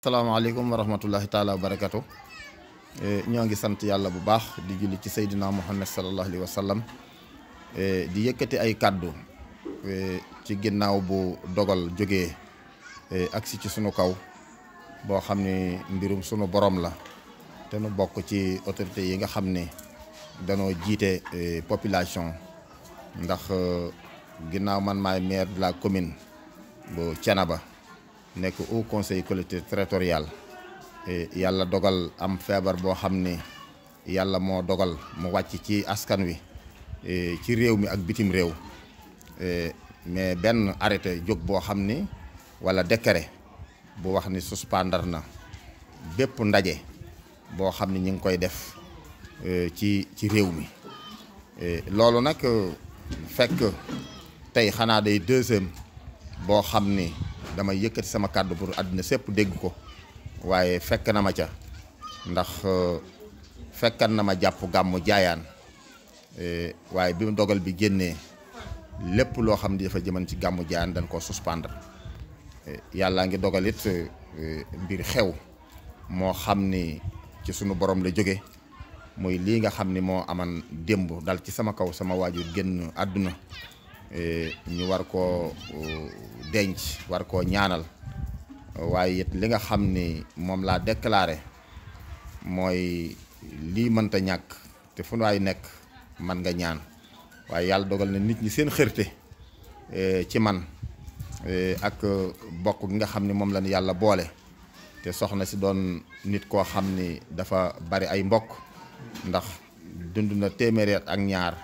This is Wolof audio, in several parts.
salaamaaleykum wa rahmatullahi taala wa barakatu e, ñoo ngi sant yàlla bu baax di julli ci seydina muhammad salallahu alayhi wa sallam e, di yëkkati ay kàddu e, ci ginnaaw bu dogal jógee agsi ci sunu kaw boo xam ni mbirum sunu borom la te nu bokk ci autorité yi nga xam ni danoo jiite population ndax ginnaaw man maay maire de la commune bu Thiénaba nekk au conseil collectivité territorial e yàlla dogal am feebar boo xam ni yàlla moo dogal mu wàcc ci askan wi e ci réew mi ak bitim réew e mais benn arrêté jóg boo xam ni wala décret bu wax ni suspendar na bépp ndaje boo xam ni ñu ngi koy def ci ci réew mi loolu nag fekk tey xanaa day deuxième boo xam ni damay yëkkati sama kàddu pour àddina sépp dégg ko waaye fekk na ma ca ndax euh, fekkan na ma jàpp gàmmu jaayaan euh, waaye bi mu dogal bi génnee lépp loo xam ne dafa jëman ci gàmmu jaayaan dañ koo suspendre euh, yàllaa ngi dogal it mbir xew moo xam ni ci sunu borom la jóge muy lii nga xam ni moo aman démb dal ci sama kaw sama waajur génn àdduna Eh, ñu war koo uh, denc war koo ñaanal waaye it li nga xam ni moom laa déclaré mooy lii mënta ñàkk te fu waay nekk man nga ñaan waaye yàlla dogal na nit ñi seen xërte eh, ci man eh, ak uh, bokk gi nga xam ni moom lañu yàlla boole te soxna si doon nit koo xam ni dafa bari ay mbokk ndax dund na téeméeri ak ñaar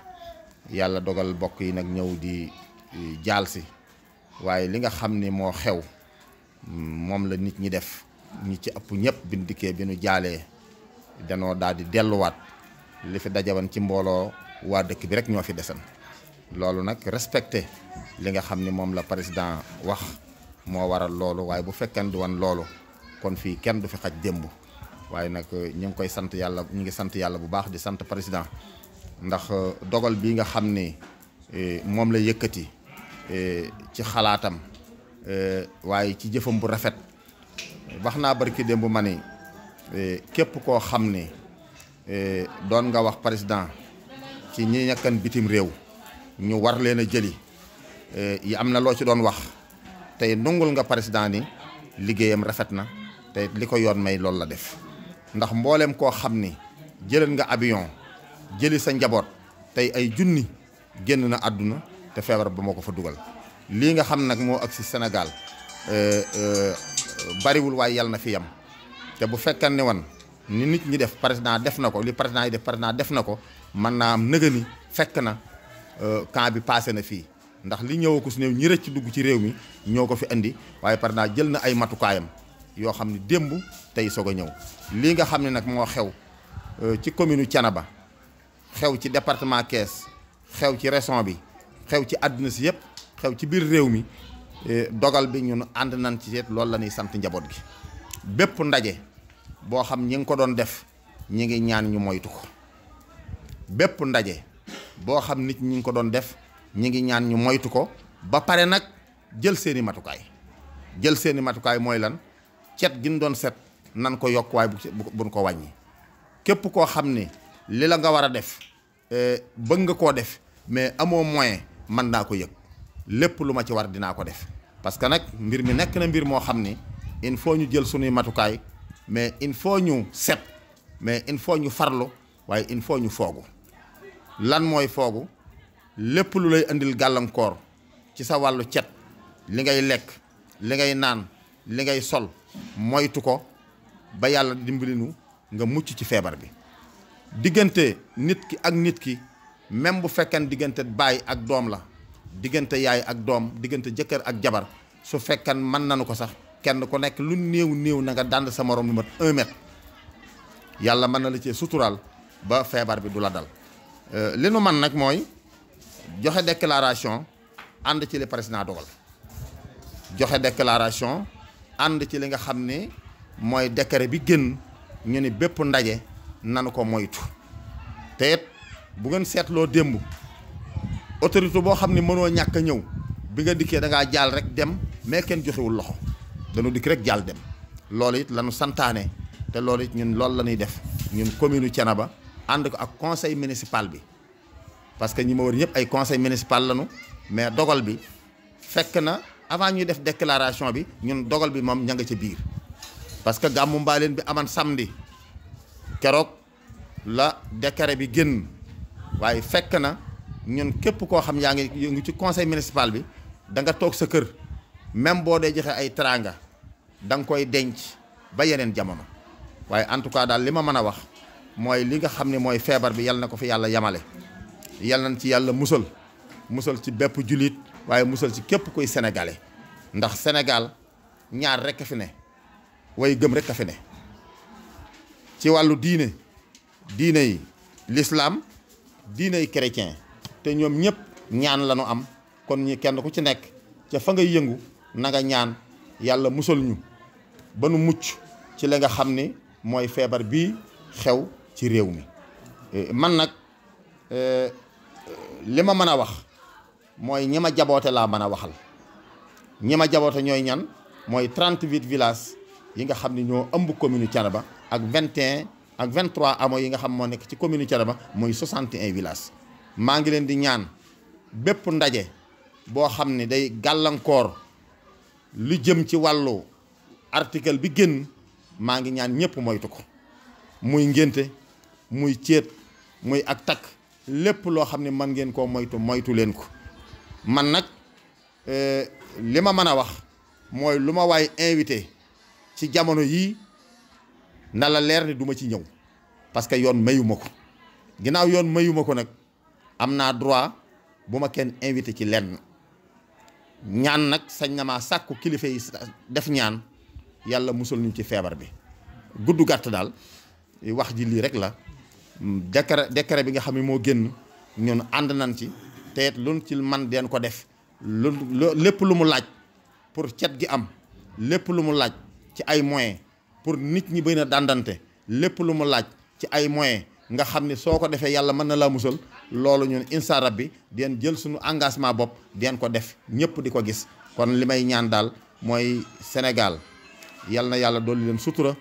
yàlla dogal bokk yi nag ñëw di jaal si waaye li nga xam ni moo xew moom la nit ñi def ñi ci ëpp ñëpp bin dikkee bi nu jaalee danoo daal di delluwaat li fi dajawan ci mbooloo waa dëkk bi rek ñoo fi desan loolu nag respecté li nga xam ni moom la président wax moo waral loolu waaye bu fekkee du woon loolu kon fii kenn du fi xaj démb waaye nag ñu ngi koy sant yàlla ñu ngi sant yàlla bu baax di sant président ndax euh, dogal bii nga xam ne euh, moom la yëkkati euh, ci xalaatam waaye ci jëfam bu rafet wax naa barki démb ma ni képp koo xam ne doon nga wax président ci ñi ñakkan bitim réew ñu war leen a jëli yi am na loo ci doon wax tey nungul nga président ni liggéeyam rafet na te li ko yoon may loolu la def ndax mboolem koo xam ni jëlal nga avion jëli sa njaboot tey ay junni génn na àdduna te feebar ba moo ko fa dugal lii nga xam nag moo ak si Sénégal euh, euh, bariwul waaye yàlla na fi yam te bu fekkan ne wan ni nit ñi def président def na ko li président yi def def na ko mën naa am nëga fekk na euh, camp bi passé na fii ndax li ñëw ko su néew ñi rëcc dugg ci réew mi ñoo ko fi indi waaye président jël na ay matukaayam yoo xam ne démb tey soog a ñëw lii nga xam ne nag moo xew ci commune Thiénaba xew ci département Kees xew ci région bi xew ci àdduna si yëpp xew ci biir réew mi eh, dogal bi ñu nu ànd nañ ci seet loolu la ñuy sant njaboot gi bépp ndaje boo xam ñi ngi ko doon def ñi ngi ñaan ñu moytu ko bépp ndaje boo xam nit ñi ngi ko doon def ñi ngi ñaan ñu moytu ko ba pare nag jël seeni matukaay jël seeni matukaay mooy lan cet gi ñu doon set nan ko yokkuwaay bu buñ ko wàññi képp koo xam ne li la nga war a def eh, bëgg nga koo def mais amoo moyen man naa ko yëg lépp lu ma ci war dinaa ko def parce que nag mbir mi nekk na mbir moo xam ni il faut ñu jël suñuy matukaay mais il faut ñu set mais il faut ñu farlu waaye il faut ñu foogu lan mooy foogu lépp lu lay indil gàllankoor ci sa wàllu cet li ngay lekk li ngay naan li ngay sol moytu ko ba yàlla dimbalinu nga mucc ci feebar bi diggante nit ki ak nit ki même bu fekkee diggante bàyyi ak doom la diggante yaay ak doom diggante jëkkër ak jabar su fekkee mën nañu ko sax kenn ku nekk lu néew néew na nga dànd sa morom lu mat un yàlla mën na la cee suturaal ba feebar bi du la dal. Euh, li nu man nag mooy joxe déclaration ànd ci li président joxe déclaration ànd ci li nga xam ne mooy décret bi gën ñu ni bépp ndaje. nanu ko moytu te bu ngeen seetloo démb autorité boo xam ne mënoo ñàkk a ñëw bi nga dikkee da ngaa jaal rek dem mais kenn joxewul loxo dañu dikk rek jaal dem loolu it lañu santaane te loolu it ñun loolu la ñuy def ñun commune Thiénaba ànd ko ak conseil municipal bi parce que ñi ma wër ñëpp ay conseil municipal lañu mais dogal bi fekk na avant ñuy def déclaration bi ñun dogal bi moom ña nga ca biir parce que gàmmu mbaaleen bi aman samedi keroog la décret bi génn waaye fekk na ñun képp koo xam yaa ngi yëngu ci conseil municipal bi da nga toog sa kër même boo dee joxee ay teraanga da nga koy denc ba yeneen jamono waaye en tout cas daal li ma mën a wax mooy li nga xam ne mooy feebar bi yal na ko fi yàlla yamale yal na ci yàlla musal musal ci bépp jullit waaye musal ci képp kuy sénégalais ndax Sénégal ñaar rekk a fi ne way gëm rekk a fi ne ci wàllu diine diiney lislaam l'islam diine te ñoom ñëpp ñaan la ñu am kon ñi kenn ku ci nekk ca fa ngay yëngu na nga ñaan yàlla musal ñu ba nu mucc ci li nga xam ni mooy feebar bii xew ci réew mi eh, man nag eh, li ma mën a wax mooy ñi jaboote laa mën a waxal ñi ma jaboote ñooy ñan mooy 38 villages yi nga xam ne ñoo ëmb commune Thiénaba ak 21 ak 23 amo yi nga xam moo nekk ci commune Thiénaba mooy 61 villages maa ngi leen di ñaan bépp ndaje boo xam ne day gàllankoor lu jëm ci wàllu article bi génn maa ngi ñaan ñëpp moytu ko muy ngénte muy céet muy ak takk lépp loo xam ne mën ngeen koo moytu moytu leen ko man nag euh, li ma mën a wax mooy lu ma waay invité ci jamono yii na la leer ni duma ci ñëw parce que yoon mayuma ko ginnaaw yoon mayuma ko nag am naa droit bu ma kenn invité ci lenn ñaan nag sañ na maa sàkku kilifa yi def ñaan yàlla musal ñu ci feebar bi gudd gàtt daal wax ji lii rek la décret décret bi nga xam ne moo génn ñun ànd nan ci te it ci man deen ko def lu lépp lu mu laaj pour cet gi am lépp lu mu laaj ci ay moyens pour nit ñi bëri na dàndante lépp lu mu laaj ci ay moyens nga xam ne soo ko defee yàlla mën na laa musal loolu ñun insa bi deen jël suñu engagement bopp deen ko def ñëpp di ko gis kon li may ñaan daal mooy Sénégal yal na yàlla dolli leen sutura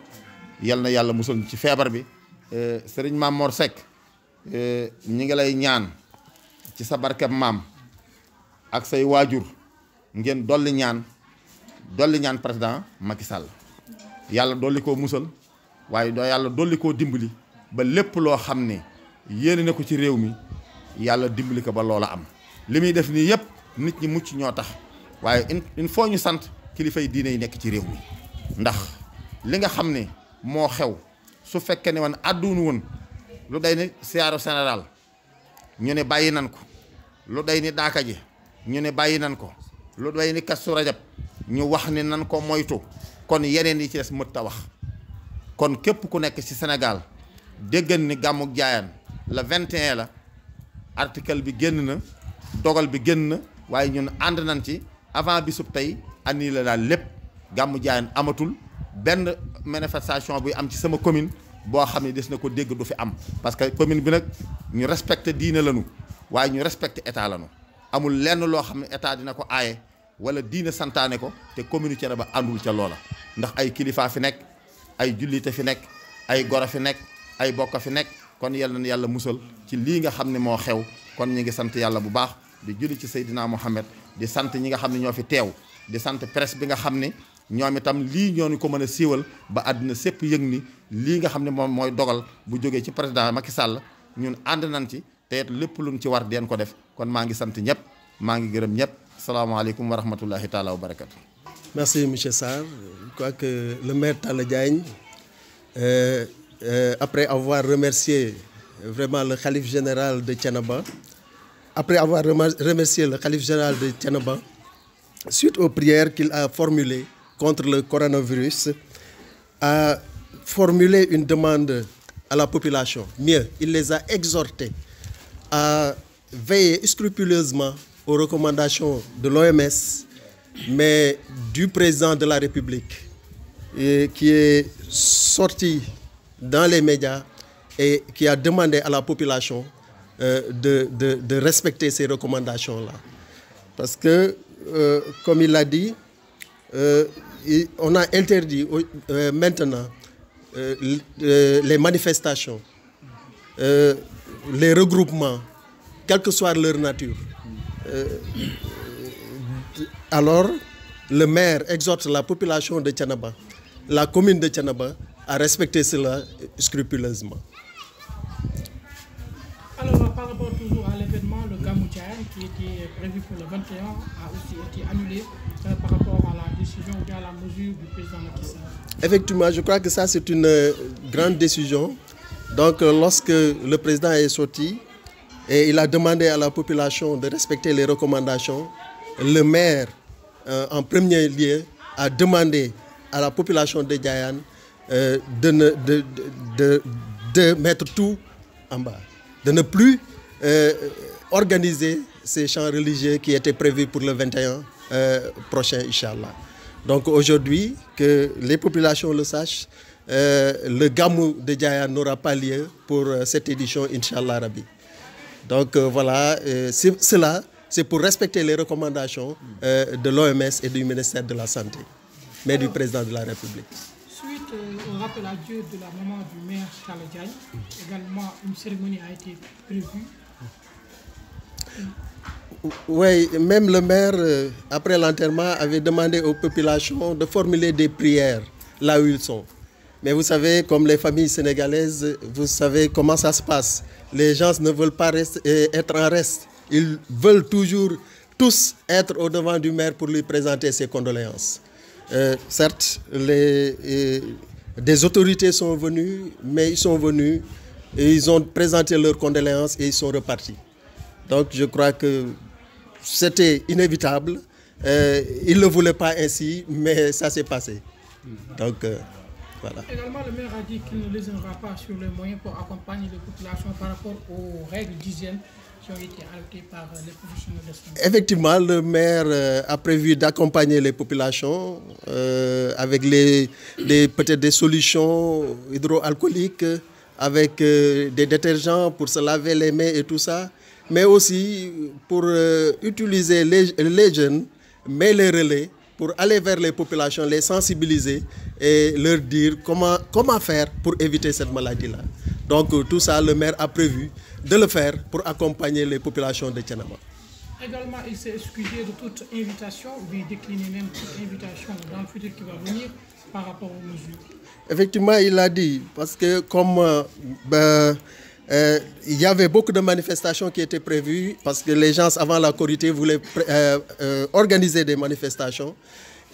yal na yàlla musal ci feebar bi euh, sëriñ maam Mor Seck euh, ñi ngi lay ñaan ci sa barkeb maam ak say waajur ngeen dolli ñaan dolli ñaan président Macky Sall yàlla dolli ko musal waaye doo yàlla dolli koo dimbali ba lépp loo xam ne yéene na ko ci réew mi yàlla dimbali ko ba loola am li muy def nii yëpp nit ñi mucc ñoo tax waaye il faut ñu sant kilifay diine yi nekk ci réew mi ndax li nga xam ne moo xew su fekkee ne woon àdduna woon lu day ni siyaaru général ñu ne bàyyi nan ko lu day ni daaka ji ñu ne bàyyi nan ko lu day ni kasu rajab ñu wax ne nan ko moytu kon yeneen yi ci des mët ta wax kon képp ku nekk ci Sénégal déggan ni gàmmu jaayaan le 21 la article bi génn na dogal bi génn na waaye ñun ànd nañ ci avant bi bisub tey nii la daal lépp gàmmu jaayaan amatul benn manifestation buy am ci sama commune boo xam ne des na ko dégg du fi am parce que commune bi nag ñu respecté diine lañu waaye ñu respecté état lanu amul lenn loo xam ne état dina ko aaye wala diine santaane ko te commune ba àndul ca loola ndax ay kilifaa fi nekk ay jullite fi nekk ay goro fi nekk ay bokk fi nekk kon yàlla na yàlla musal ci lii nga xam ne moo xew kon ñu ngi sant yàlla bu baax di julli ci Seydina Mohamed di sant ñi nga xam ne ñoo fi teew di sant presse bi nga xam ne ñoom itam lii ñoo ko mën a siiwal ba àddina sépp yëg ni lii nga xam ne moom mooy dogal bu jógee ci président Macky Sall ñun ànd nañ ci te lépp luñ ci war den ko def kon maa ngi sant ñëpp maa ngi gërëm ñëpp. salaamaaleykum wa rahmatullahi taala wa barakatu merci monsieur Sarr je que le maire Talla Diagne euh, euh, après avoir remercié vraiment le khalife général de Thiénaba après avoir remercié le khalife général de Thiénaba suite aux prières qu'il a formulées contre le coronavirus a formulé une demande à la population mieux il les a exhortés à veiller scrupuleusement aux recommandations de l'OMS, mais du président de la République, et qui est sorti dans les médias et qui a demandé à la population euh, de, de, de, respecter ces recommandations-là. Parce que, euh, comme il l'a dit, euh, on a interdit euh, maintenant euh, euh, les manifestations, les regroupements, quelle que soit leur nature. Euh, euh, alors le maire exhorte la population de Thiénaba la commune de Thiénaba à respecter cela scrupuleusement. a été annulé euh, par rapport à la décision ou bien la mesure du président Macky Effectivement, je crois que ça c'est une grande décision. Donc, lorsque le président est sorti, Et il a demandé à la population de respecter les recommandations. Le maire, euh, en premier lieu, a demandé à la population de Diane euh, de, ne, de, de, tout en bas, de ne plus euh, organiser ces chants religieux qui étaient prévus pour le 21 euh, prochain, Inch'Allah. Donc aujourd'hui, que les populations le sachent, euh, le gamou de Diane n'aura pas lieu pour cette édition, Inch'Allah Rabbi. Donc euh, voilà, euh, cela, c'est pour respecter les recommandations euh, de l'OMS et du ministère de la Santé, mais du président de la République. Euh, même le maire, euh, après l'enterrement, avait demandé aux populations de formuler des prières là où ils sont. Mais vous savez, comme les familles sénégalaises, vous savez comment ça se passe. Les gens ne veulent pas rester, être en reste. Ils veulent toujours tous être au devant du maire pour lui présenter ses condoléances. Euh, certes, les, euh, des autorités sont venues, mais ils sont venus et ils ont présenté leurs condoléances et ils sont repartis. Donc je crois que c'était inévitable. Euh, ils ne le voulaient pas ainsi, mais ça s'est passé. Donc... Euh, Voilà. Également, le maire a dit qu'il ne lésinera pas sur les moyens pour accompagner les populations par rapport aux règles d'hygiène qui ont été adoptées par les le maire euh, a prévu les populations euh, avec les, les peut-être des solutions hydroalcooliques, avec euh, des détergents pour se laver les mains et tout ça, mais aussi pour euh, utiliser les, les jeunes, mais les relais pour aller vers les populations, les sensibiliser et leur dire comment, comment faire pour éviter cette maladie-là. Donc euh, tout ça, le maire a prévu de le faire pour accompagner les populations de Tianama. Également, il s'est excusé de toute invitation, il décliner même qui va venir par rapport aux mesures. Effectivement, il l'a dit, parce que comme... Euh, Euh, il y avait beaucoup de manifestations qui étaient prévues parce que les gens, avant la Corité, voulaient euh, euh, organiser des manifestations.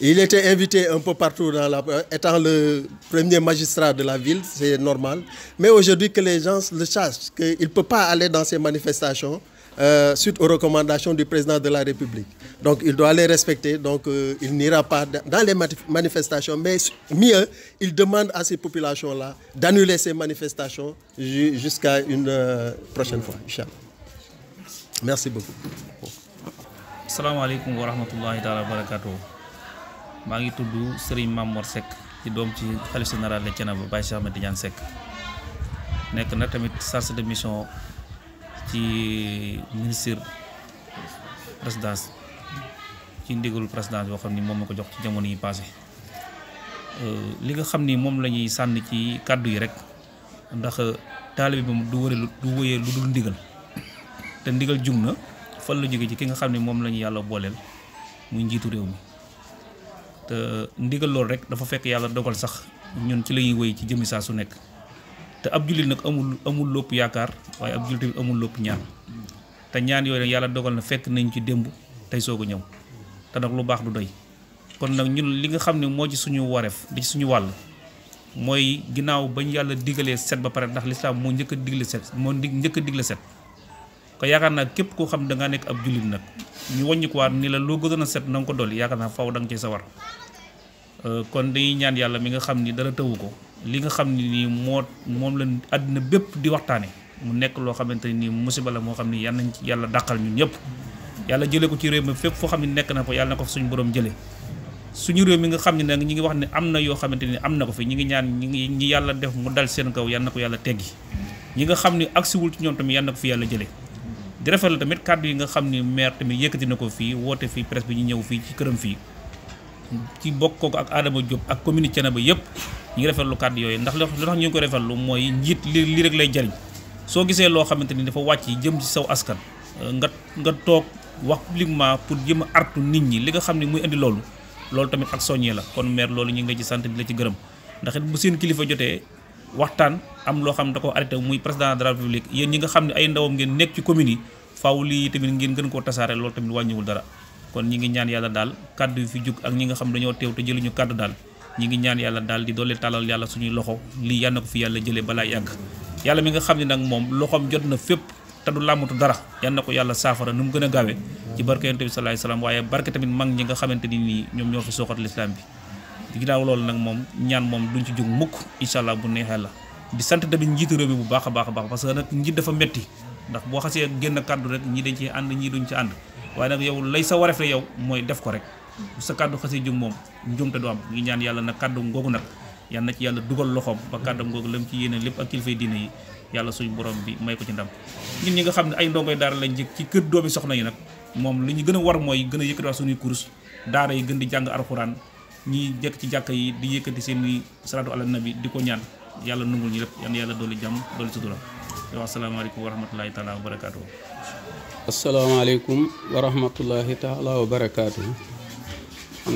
Il était invité un peu partout, dans la, euh, étant le premier magistrat de la ville, c'est normal. Mais aujourd'hui que les gens le sachent, qu'il ne peut pas aller dans ces manifestations, euh, suite aux recommandations du président de la République. Donc il doit les respecter, donc euh, il n'ira pas dans les manifestations, mais mieux, il demande à ces populations-là d'annuler ces manifestations jusqu'à une euh, prochaine fois, Inch'Allah. Merci beaucoup. salaamaaleykum wa rahmatullahi taala wa barakatuh maa ngi tudd Serigne Mamor Seck di doom ci xalif général de Thiénaba Baye Cheikh Ahmed Tidiane Seck nekk na tamit chargé de mission ci ministre présidence ci ndigalu présidence boo xam ni moom ma ko jox ci jamono yi passé euh, li nga xam ni moom lañuy ñuy sànni ci kàddu yi rek ndax taalibe bi moom du wëre du wëyee lu dul ndigal te ndigal jug na fan la jóge ci ki nga xam ne moom lañu yàlla booleel muy njiitu réew mi te ndigal loolu rek dafa fekk yàlla dogal sax ñun ci la ñuy wëy ci jëmmi saa su nekk te ab jullit nag amul amul lopp yaakaar waaye ab jullit tamit amul lopp ñaan te ñaan yooyu yàlla dogal na fekk nañ ci démb tey soog a ñëw te nag lu baax du doy kon nag ñun li nga xam ne moo ci suñu wareef di suñu wàll mooy ginnaaw bañ yàlla digalee set ba pare ndax lislaam moo njëkk a digle set moo njëkk a set ko yaakaar naa képp koo xam ne dangaa nekk ab jullit nag ñu wàññikuwaat ni la loo gënoon a set na nga ko dolli yaakaar naa faw danga nga cee sawar euh, kon dañuy ñaan yàlla mi nga xam ni dara tëwu ko li nga xam ne nii moo moom la àddina bépp di waxtaane mu nekk loo xamante ni musiba la moo xam ni yal nañ ci yàlla daqal ñun ñëpp yàlla jële ko ci réew mi fépp foo xam ne nekk na ko yàlla na ko suñu borom jëlee suñu réew mi nga xam ne nag ñi ngi wax ne am na yoo xamante ni am na ko fi ñi ngi ñaan ñi ngi ñi yàlla def mu dal seen kaw yal ko yàlla teggi ñi nga xam ne agsiwul ci ñoom tamit yal ko fi yàlla jëlee di rafetlu tamit kàddu yi nga xam ni maire tamit yëkkati na ko fii woote fii presse bi ñu ñëw fii ci këram fii ci bokk ko ak aadama Diop ak commune Thiénaba yëpp ñu ngi rafetlu kàddu yooyu ndax li tax ñu ngi ko rafetlu mooy njiit li li rek lay jariñ soo gisee loo xamante ni dafa wàcc jëm ci saw askan nga nga toog wax publiquement pour jëm a artu nit ñi li nga xam ne muy indi loolu loolu tamit ak soññee la kon maire loolu ñu ngi la sant di la ci gërëm ndax it bu seen kilifa jotee waxtaan am loo xam ne da ko arrêté muy président de la république yéen ñi nga xam ne ay ndawam ngeen nekk ci commune yi faaw lii tamit ngeen gën koo tasaare loolu tamit wàññiwul dara kon ñi ngi ñaan yàlla daal kàddu yu fi jug ak ñi nga xam dañoo teew te jëluñu kàddu daal ñi ngi ñaan yàlla daal di doole tàllal yàlla suñuy loxo lii yàlla na ko fi yàlla jëlee balaa yàgg yàlla mi nga xam ne nag moom loxoom jot na fépp te du làmmatu dara yàlla ko yàlla saafara nu mu gën a gaawe ci barke yonent bi salaay salaam waaye barke tamit mag ñi nga xamante ni nii ñoom ñoo fi sooxat lislaam bi ginnaaw loolu nag moom ñaan moom duñ ci jug mukk incha allah bu neexee la di sant tamit njiitu réew mi bu baax a baax a baax parce que nag njiit dafa ndax boo xasee génn kàddu rek ñii dañ ci ànd ñi duñ ci ànd waaye nag yow lay sa waref la yow mooy def ko rek sa kàddu xasee jum moom njumte du am ngi ñaan yàlla nag kàddu ngoogu nag yal ci yàlla dugal loxoom ba kàddu ngoogu lam ci yéene lépp ak kilifay diine yi yàlla suñu borom bi may ko ci ndam ñun ñi nga xam ne ay ndongoy daara la jëkk ci kër doomi soxna yi nag moom li ñu gën a war mooy gën a yëkkatiwaat suñuy kurus daara yi gën di jàng alxuraan ñi jekk ci jàkka yi di yëkkati seen i salaatu ala nabi di ko ñaan yàlla nungul ñu lépp yàlla dooli jàmm dooli sutura yow asalaamaaleykum wa rahmatulahi wa barakaatu.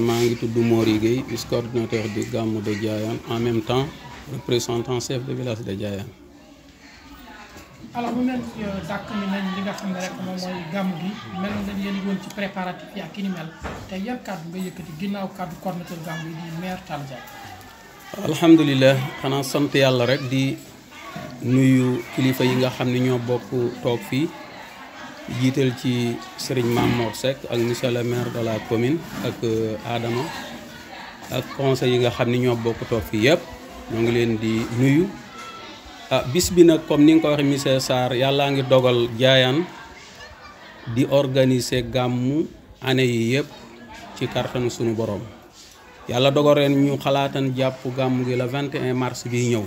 maa ngi tudd Mori Gueye vice coordinateur du Gamou de Diayane en même temps représentant chef de village de Diayane. alors mel euh, dàkk mi nañ li nga xam ne rek moom mooy gàmm gi mel nañ yéen woon ci préparatif yi ki ni mel te yan kàddu nga yëkkati ginnaaw kàddu coordinateur gàmm gi di maire Talla Diagne. alhamdulilah xanaa sant yàlla rek di. nuyu kilifa yi nga xam ne ñoo bokk toog fii jiital ci sëriñ Mamour Seck ak monsieur le maire de la commune ak aadama euh, ak conseil yi nga xam ni ñoo bokk toog fii yëpp ñoo ngi leen di nuyu ah bis bi nag comme ni nga ko waxee monsieur Sarr yàllaa ngi dogal jaayaan di organise gàmmu année yi yëpp ci kartanu sunu borom yàlla dogal ren ñu xalaatan jàpp gàmmu gi la 21 mars bi ñëw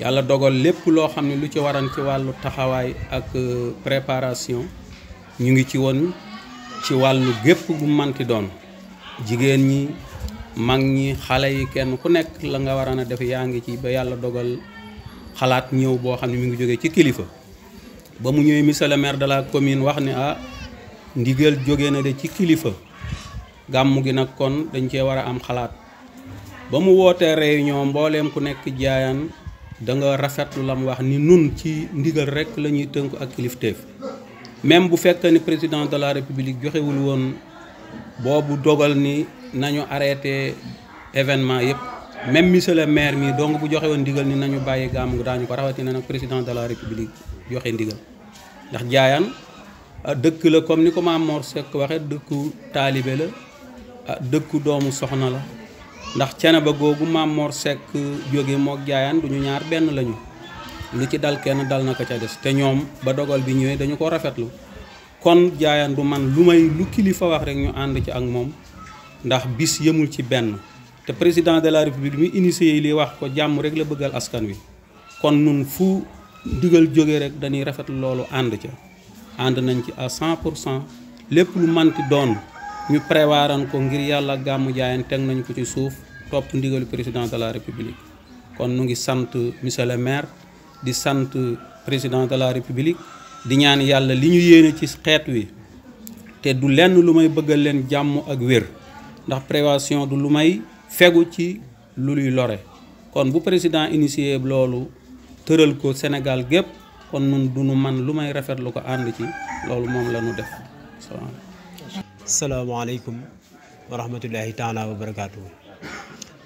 yàlla dogal lépp loo xam ne lu ci waran ci wàllu taxawaay ak euh, préparation ñu ngi ci woon ci wàllu gépp gu manti doon jigéen ñi mag ñi xale yi kenn ku nekk la nga waran a def yaa ngi ci ba yàlla dogal xalaat ñëw boo xam ne mu ngi jógee ci kilifa ba mu ñëwee monsieur le maire de la commune wax ne ah ndigal jóge na de ci kilifa gàmmu gi nag kon dañ cee war a am xalaat ba mu wootee réunion mbooleem ku nekk jaayaan da nga rafetlu lam wax ni nun ci ndigal rek la ñuy tënku ak kilifteef même bu fekkee ni président de la république joxewul woon boobu dogal ni nañu arrêté événement yëpp même monsieur le maire mi donc bu joxe woon ndigal ni nañu bàyyi nga daañu ko rawatina nag président de la république joxe ndigal ndax jaayaan dëkk la comme ni ko Maam Mor Seck waxe dëkku taalibe la dëkku doomu soxna la ndax ba googu maam Mor Seck jóge mook jaayaan du ñu ñaar benn lañu lu ci dal kenn dal na ko ca des te ñoom ba dogal bi ñëwee dañu ko rafetlu kon jaayaan du man lu may lu kilifa wax rek ñu ànd ci ak moom ndax bis yëmul ci benn te président de la république bi mu li wax ko jàmm rek la bëggal askan wi kon nun fu digal jóge rek dañuy rafetlu loolu ànd ca ànd nañ ci à 100 pour cent lépp lu manti doon ñu préwaran ko ngir yàlla gàmmu jaayan teg nañu ko ci suuf topp ndigalu président de la république kon nu ngi sant monsieur le maire di sant président de la république di ñaan yàlla li ñu yéene ci xeet wi te du lenn lu may bëggal leen jàmm ak wér ndax prévention du lu may fegu ci lu luy lore kon bu président initié loolu tëral ko Sénégal gépp kon nun du nu man lu may rafetlu ko ànd ci loolu moom la ñu def salaamaaleykum wa rahmatullahi taala wa barakaatu.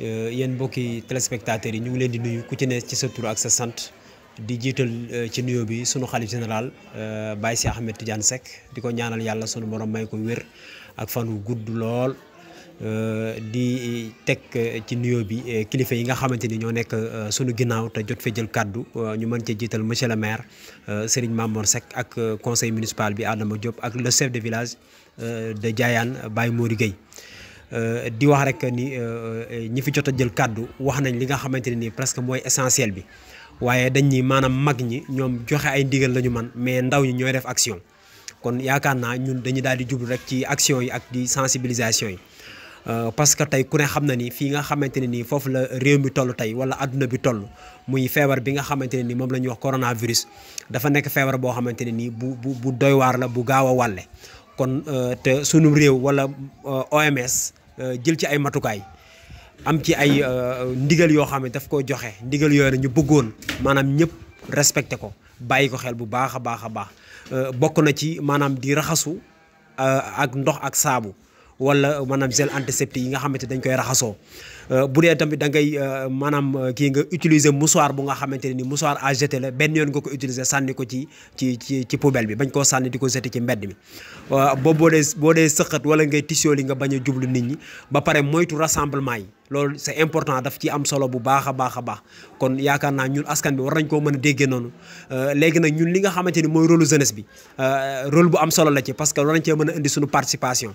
Eh, yéen mbokki téléspectateurs yi ñu ngi leen di nuyu ku ci ne ci sa tur ak sa sant di jiital eh, ci nuyoo bi sunu xalif général eh, Baye Cheikh Ahmed Tidiane Seck di ko ñaanal yàlla sunu borom may ko wér ak fan wu gudd lool. di teg ci nuyoo bi kilifa yi nga xamante ni ñoo nekk sunu ginnaaw te jot fee jël kàddu ñu mën cee jiital monsieur le maire Serigne Mamour Seck ak conseil municipal bi Adama Diop ak le chef de village Euh, de Diayane euh, Baye Mori Gueye euh, di wax rek ni ñi fi jot a jël kàddu wax nañ li nga xamante ne nii presque mooy essentiel bi waaye dañ ni maanaam mag ñi ñoom joxe ay ndigal la ñu man mais ndaw ñi ñooy def action kon yaakaar naa ñun dañu daal di jublu rek ci action yi ak di sensibilisation yi parce que tey ku ne xam na nii fii nga xamante ne nii foofu la réew mi toll tey wala adduna bi toll muy feebar bi nga xamante ne ni moom la ñuy wax coronavirus dafa nekk feebar boo xamante ne nii bu bu bu doy la bu gaaw a wàlle kon euh, te sunum réew wala euh, OMS euh, jël ci ay matukaay am ci ay ndigal yoo xam ne daf ko joxe ndigal yooyu na ñu bëggoon maanaam ñëpp respecté ko bàyyi ko xel bu baax a baax a baax bokk na ci maanaam di raxasu ak ndox ak saabu wala maanaam gel antiseptique yi nga xamante dañ koy raxasoo Euh, bu dee tamit da ngay euh, maanaam euh, kii nga utiliser mouchoir bu nga xamante ne ni mouchoir à la benn yoon nga ko utiliser sànni ko ci ci ci ci poubelle bi bañ koo sànni di ko jeter ci mbedd mi boobu boo dee boo dee sëqat wala ngay tisoo li nga bañ a jublu nit ñi ba pare moytu rassemblement yi loolu c'est important dafa ci am solo bu baax a baax a baax kon yaakaar naa ñun askan bi war nañ koo mën a déggee noonu euh, léegi nag ñun li nga xamante ni mooy rôle jeunesse bi euh, rôle bu am solo la ci parce que war nañ cee mën a indi suñu participation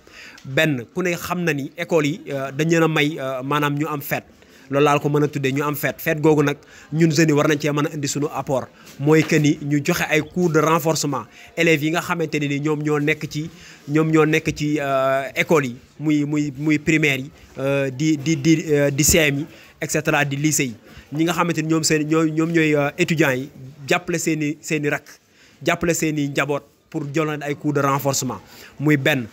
benn ku ne xam na ni école yi euh, dañ leen a may maanaam ñu am fête loolu laal ko mën a tuddee ñu am fête fête googu nag ñun jeunes yi war nañ cee mën a indi suñu apport mooy que ni ñu joxe ay cours de renforcement élèves yi nga xamante ne ni ñoom ñoo nekk ci ñoom ñoo nekk ci euh, écoles yi muy muy muy primaires yi euh, di di di euh, di CM et cetera di lycée ñi nga xamante ni ñoom seen ñoom ñooy étudiants yi jàppale seen i seen i rak jàppale seen i njaboot pour jëloon ay cours de renforcement muy benn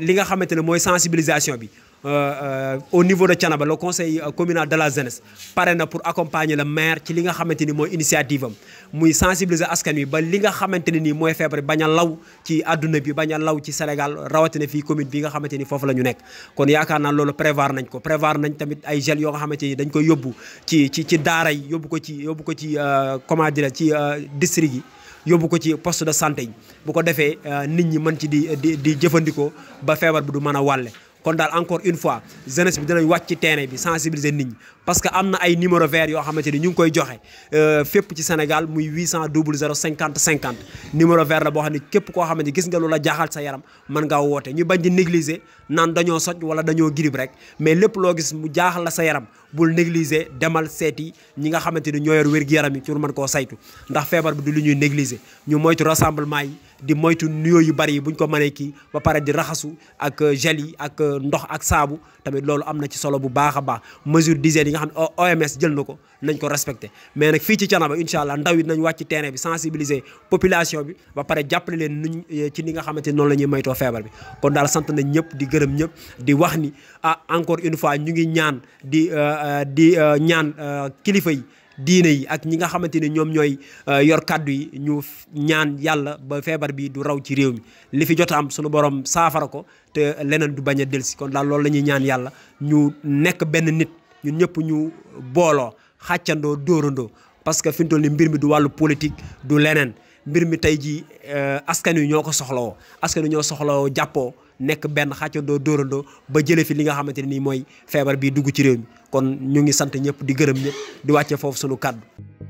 li nga xamante ne mooy sensibilisation bi Euh, euh, au niveau de Thiénaba le conseil euh, communal de la jeunesse pare na pour accompagner le maire ci li nga xamante ni mooy initiative muy sensibiliser askan wi ba li nga xamante ne nii mooy feebar bañ law ci àdduna bi bañ a law ci Sénégal rawatina fii commune bi nga xamante ni foofu la ñu nekk kon yaakaar naa loolu prévoir nañ ko prévoir nañ tamit ay gel yoo nga xamante ni dañ koy yóbbu ci ci ci daara yi yóbbu ko ci yóbbu ko ci comment dire ci district yi yóbbu ko ci poste de santé bu ko defee nit ñi mën ci di di di jëfandikoo ba feebar bi du mën a wàlle kon daal encore une fois jeunesse bi dinañ wàcc ci terrain bi sensibiliser nit ñi parce que am na ay numéro vert yoo xamante ni ñu ngi koy joxe euh, fépp ci Sénégal muy 800 00 50 50 numéro vert la boo xam ne képp koo xamante ni gis nga lu la jaaxal sa yaram mën ngaa woote ñu bañ di négliger naan dañoo soj wala dañoo girib rek mais lépp loo gis mu jaaxal la sa yaram bul négliger demal seeti ñi nga xamante ni ñoo yor wér-gu-yaram yi pour mën koo saytu ndax feebar bi du lu ñuy négliger ñu moytu rassemblement yi di moytu nuyoo yu bari yi buñ ko mënee kii ba pare di raxasu ak euh, gel yi ak euh, ndox ak saabu tamit loolu am na ci solo bu baax a baax mesure d'hygiène yi nga xam ne OMS jël na ko nañ ko respecté mais nag fii ci Thiénaba incha allah ndaw yi nañ wàcc terrain bi sensibiliser population bi ba pare jàppale leen nuñ eh, ci ni nga xamante ni noonu la ñuy maytoo feebar kon daal sant nañ ñëpp di gërëm ñëpp di wax ni ah encore une fois ñu ngi ñaan di eh, eh, di ñaan kilifa yi diine yi ak ñi nga xamante ni ñoom ñooy yor kàddu yi ñu ñaan yàlla ba feebar bi du raw ci réew mi li fi jot am sunu borom saafara ko te leneen du bañ a delsi kon daal loolu la ñuy ñaan yàlla ñu nekk benn nit ñun ñëpp ñu booloo xàccandoo dóorandoo parce que fi mu toll nii mbir mi du wàllu politique du leneen mbir mi tey jii euh, askan wi ñoo ko soxlawoo askan wi ñoo soxlawoo jàppoo nekk benn xàccandoo dóorandoo ba jëlee fi li nga xamante ne nii mooy feebar bii dugg ci réew mi kon ñu ngi sant ñëpp di gërëm ñëpp di wàcce foofu sunu kàddu.